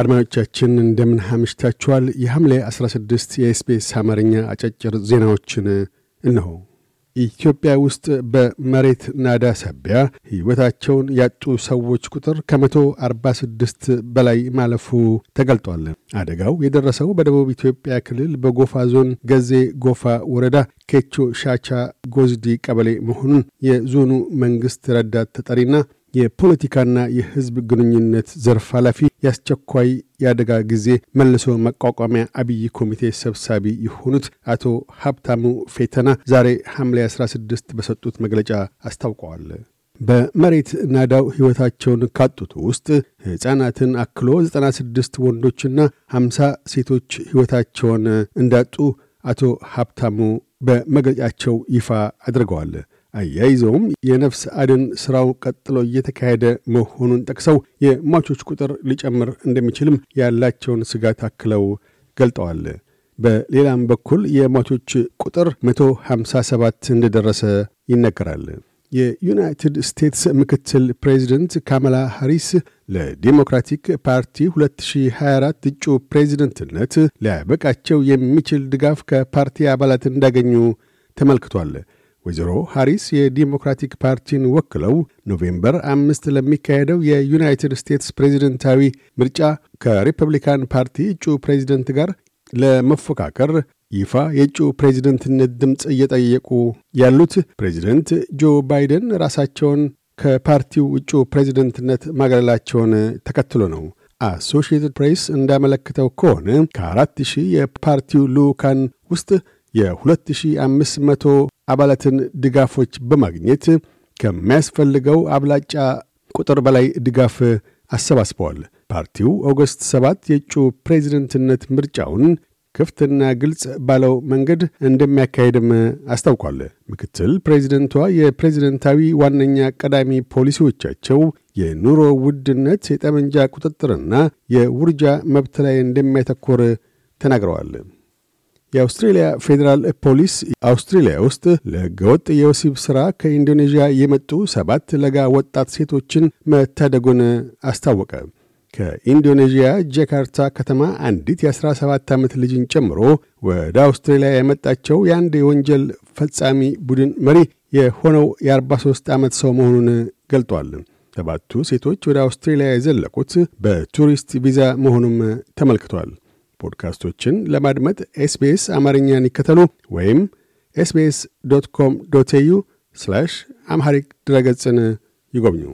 አድማጮቻችን እንደምን አምሽታችኋል። የሐምሌ 16 የኤስቢኤስ አማርኛ አጫጭር ዜናዎችን እነሆ። ኢትዮጵያ ውስጥ በመሬት ናዳ ሳቢያ ሕይወታቸውን ያጡ ሰዎች ቁጥር ከ146 በላይ ማለፉ ተገልጧል። አደጋው የደረሰው በደቡብ ኢትዮጵያ ክልል በጎፋ ዞን ገዜ ጎፋ ወረዳ ኬቾ ሻቻ ጎዝዲ ቀበሌ መሆኑን የዞኑ መንግሥት ረዳት ተጠሪና የፖለቲካና የህዝብ ግንኙነት ዘርፍ ኃላፊ፣ የአስቸኳይ የአደጋ ጊዜ መልሶ መቋቋሚያ አብይ ኮሚቴ ሰብሳቢ የሆኑት አቶ ሀብታሙ ፌተና ዛሬ ሐምሌ 16 በሰጡት መግለጫ አስታውቀዋል። በመሬት ናዳው ሕይወታቸውን ካጡት ውስጥ ሕፃናትን አክሎ 96 ወንዶችና 50 ሴቶች ሕይወታቸውን እንዳጡ አቶ ሀብታሙ በመግለጫቸው ይፋ አድርገዋል። አያይዘውም የነፍስ አድን ስራው ቀጥሎ እየተካሄደ መሆኑን ጠቅሰው የሟቾች ቁጥር ሊጨምር እንደሚችልም ያላቸውን ስጋት አክለው ገልጠዋል። በሌላም በኩል የሟቾች ቁጥር 157 እንደደረሰ ይነገራል። የዩናይትድ ስቴትስ ምክትል ፕሬዚደንት ካማላ ሃሪስ ለዲሞክራቲክ ፓርቲ 2024 እጩ ፕሬዚደንትነት ሊያበቃቸው የሚችል ድጋፍ ከፓርቲ አባላት እንዳገኙ ተመልክቷል። ወይዘሮ ሃሪስ የዲሞክራቲክ ፓርቲን ወክለው ኖቬምበር አምስት ለሚካሄደው የዩናይትድ ስቴትስ ፕሬዚደንታዊ ምርጫ ከሪፐብሊካን ፓርቲ እጩ ፕሬዚደንት ጋር ለመፎካከር ይፋ የእጩ ፕሬዚደንትነት ድምፅ እየጠየቁ ያሉት ፕሬዚደንት ጆ ባይደን ራሳቸውን ከፓርቲው እጩ ፕሬዚደንትነት ማግለላቸውን ተከትሎ ነው። አሶሽትድ ፕሬስ እንዳመለክተው ከሆነ ከአራት ሺህ የፓርቲው ልዑካን ውስጥ የ2500 አባላትን ድጋፎች በማግኘት ከሚያስፈልገው አብላጫ ቁጥር በላይ ድጋፍ አሰባስበዋል። ፓርቲው ኦገስት 7 የእጩ ፕሬዚደንትነት ምርጫውን ክፍትና ግልጽ ባለው መንገድ እንደሚያካሄድም አስታውቋል። ምክትል ፕሬዚደንቷ የፕሬዚደንታዊ ዋነኛ ቀዳሚ ፖሊሲዎቻቸው የኑሮ ውድነት፣ የጠመንጃ ቁጥጥርና የውርጃ መብት ላይ እንደሚያተኮር ተናግረዋል። የአውስትሬልያ ፌዴራል ፖሊስ አውስትሬልያ ውስጥ ለህገወጥ የወሲብ ሥራ ከኢንዶኔዥያ የመጡ ሰባት ለጋ ወጣት ሴቶችን መታደጉን አስታወቀ። ከኢንዶኔዥያ ጃካርታ ከተማ አንዲት የ17 ዓመት ልጅን ጨምሮ ወደ አውስትሬልያ የመጣቸው የአንድ የወንጀል ፈጻሚ ቡድን መሪ የሆነው የ43 ዓመት ሰው መሆኑን ገልጧል። ሰባቱ ሴቶች ወደ አውስትሬልያ የዘለቁት በቱሪስት ቪዛ መሆኑም ተመልክቷል። ፖድካስቶችን ለማድመጥ ኤስቤስ አማርኛን ይከተሉ ወይም ኤስቤስ ዶት ኮም ዶት ኤዩ አምሐሪክ ድረገጽን ይጎብኙ